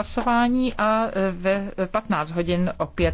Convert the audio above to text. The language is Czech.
hlasování a e, ve 15 hodin opět